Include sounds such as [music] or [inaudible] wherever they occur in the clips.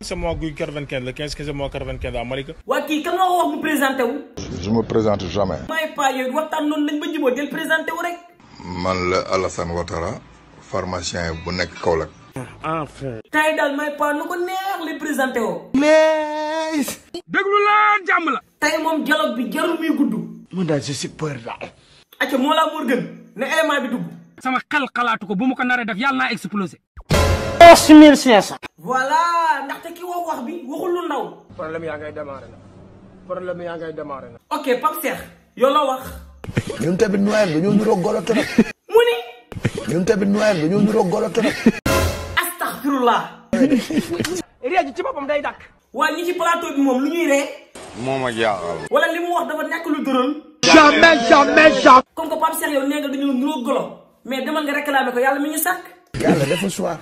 c'est moi jamais. 95 le 15 15 95 wax mu je me présente jamais. may paa yooyu Je noonu lañ ba jubóo del Je le rek. man la Alassane Ouattara pharmacien bu nekk Kaolack. enfin. tay ne may pas nu le neex li présenté pas. mais. déglu Je jàmm la. dialogue Je suis muy gudd. mun daal je suis peur daal. acca moo laa Je ne élément bi dugg. sama xel xalaatu ko bu mu ko naree def yàlla explosé. 13500. voilà ndaxte ki woo wax bi waxul lu ndaw. problème yaa ngay démarré na problème yaa ngay démarré na. ok Pape Cheikh yow la wax. astaghfirullah. réer ji ci boppam day dàkk. waa ñi ci plateau bi moom lu ñuy ree. moom ak yaaxal. wala li mu wax dafa nekk lu dëral. jamais jamais jamais. comme que Pape Cheikh on nee nga dañoo niroo golo mais demal nga réclamer ko yàlla mi ñu sàkk. yàlla dafa choix.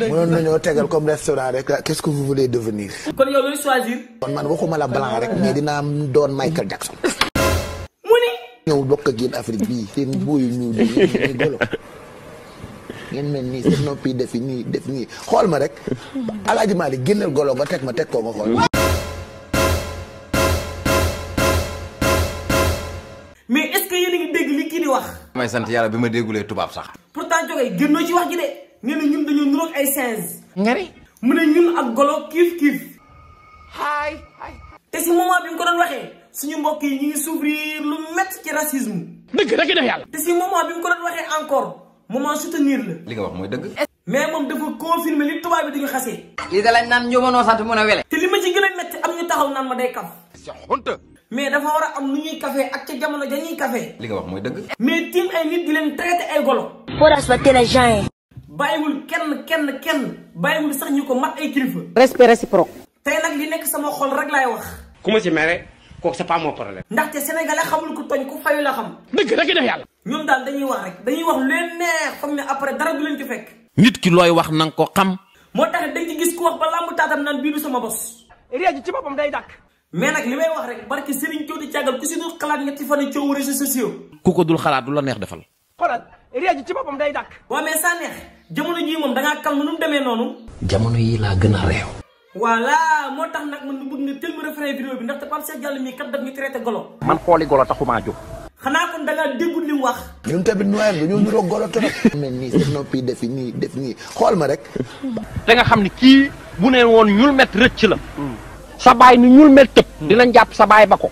mënoon nañoo tegal comme restaurant rek qu'est-ce que vous voulez devenir. kon yow looy choisir. kon man waxuma la blanc rek mais dinaa doon Michael Jackson. mu ni. ñëw bokk ak yéen Afrique bii. seen booyu ñu golo. def nii def xool ma rek. alaaji Maalik génneel golo nga teg ma teg koo nga xool. mais est-ce sant yàlla bi ma déggulee tubaab sax. Ndiogay génnoo ci wax ji de ñun dañoo nuroog ay singe. nga ne. mu ne ñun ak golo kiif kiif. haay haay. te si moment bi ko doon waxee suñu mbokk yi ñu ngi souffrir lu métti ci racisme. dëgg rek def yàlla. te si moment bi mu ko doon waxee encore moment soutenir la. li wax mooy dëgg. mais moom dafa confirmer li tubaab bi duñu xasee. li da naan njóobanoo sant mun a wele. te li ma ci am ñu taxaw naan ma day kaf. c'est honte. mais dafa war a am nu ñuy café ak ca jamono ja ñuy café. li nga wax mooy dëgg. mais tiim ay nit di leen ay golo. forage ba teel a gens bàyyiwul kenn kenn kenn bàyyiwul sax ñu ko mat ay kilifa. respect réciproque. tey nag li nekk sama xol rek laay wax. ku ma ci mere kooku c'est pas mon problème. ndaxte sénégalais xamul ku tooñ ku fayu la xam. dëgg rek def yàlla. ñoom daal dañuy wax rek dañuy wax lu leen neex foog ne après dara du leen ci fekk. nit ki looy wax na nga ko xam. moo tax dañ ci gis ku wax ba làmb taatam naan bii du sama bos. réew ci boppam day dàkk. mais nag li may wax rek di càggal ku si dul xalaat ñetti fan ko dul xalaat du la neex defal. réew ji ci boppam day dàkk. waaw mais Sanekh jamono jii moom da ngaa nu mu demee noonu. jamono yii laa gën a réew. voilà moo tax nag man mu bëgg nga teel ma référé vidéo bi ndaxte Pape Cheikh Diallo mii kat daf ñu traité golo. man xooli golo taxumaa jóg. xanaa kon da ngaa déggul li mu wax. ñun tamit noyyi am dañoo niroog golo trop. xam ne nii noppi def nii xool ma rek. da nga xam ni kii bu ne woon ñul met rëcc la. sa baay ni ñul met tëb. dinañ jàpp sa baay ba ko.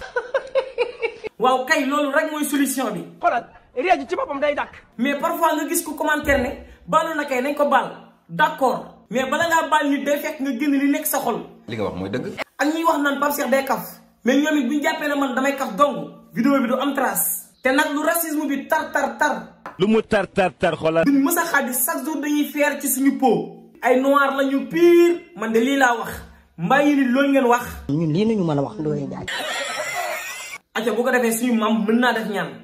[laughs] waaw kay loolu mooy solution bi. xoolal. réew ci bopam day dak mais parfois nga gis ko commentaire ne balu na kay nañ ko bal d'accord mais bala nga bal nit day fekk nga genn li nek sa xol. li nga wax moy deug ak ñi wax nan Pape Cheikh day kaf mais ñoom it bu ñu man damay kaf dong vidéo bi du am trace té nak lu racisme bi tar tar tar. lu mu tar tar tar xola ñu mësa xadi chaque jour dañuy fier ci suñu po. ay noir la pire man de li la wax mbay yi ni loolu ngeen wax. ñun li nañu mëna wax do Ndoye Ndiaye. acca bu ko defé suñu mam mëna def ñaan.